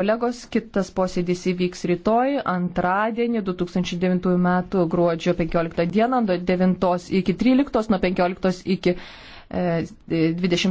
Kolegos, kitas posėdis įvyks rytoj, antradienį, 2009 m. gruodžio 15 d. nuo 9 iki 13, nuo 15 iki e, 20.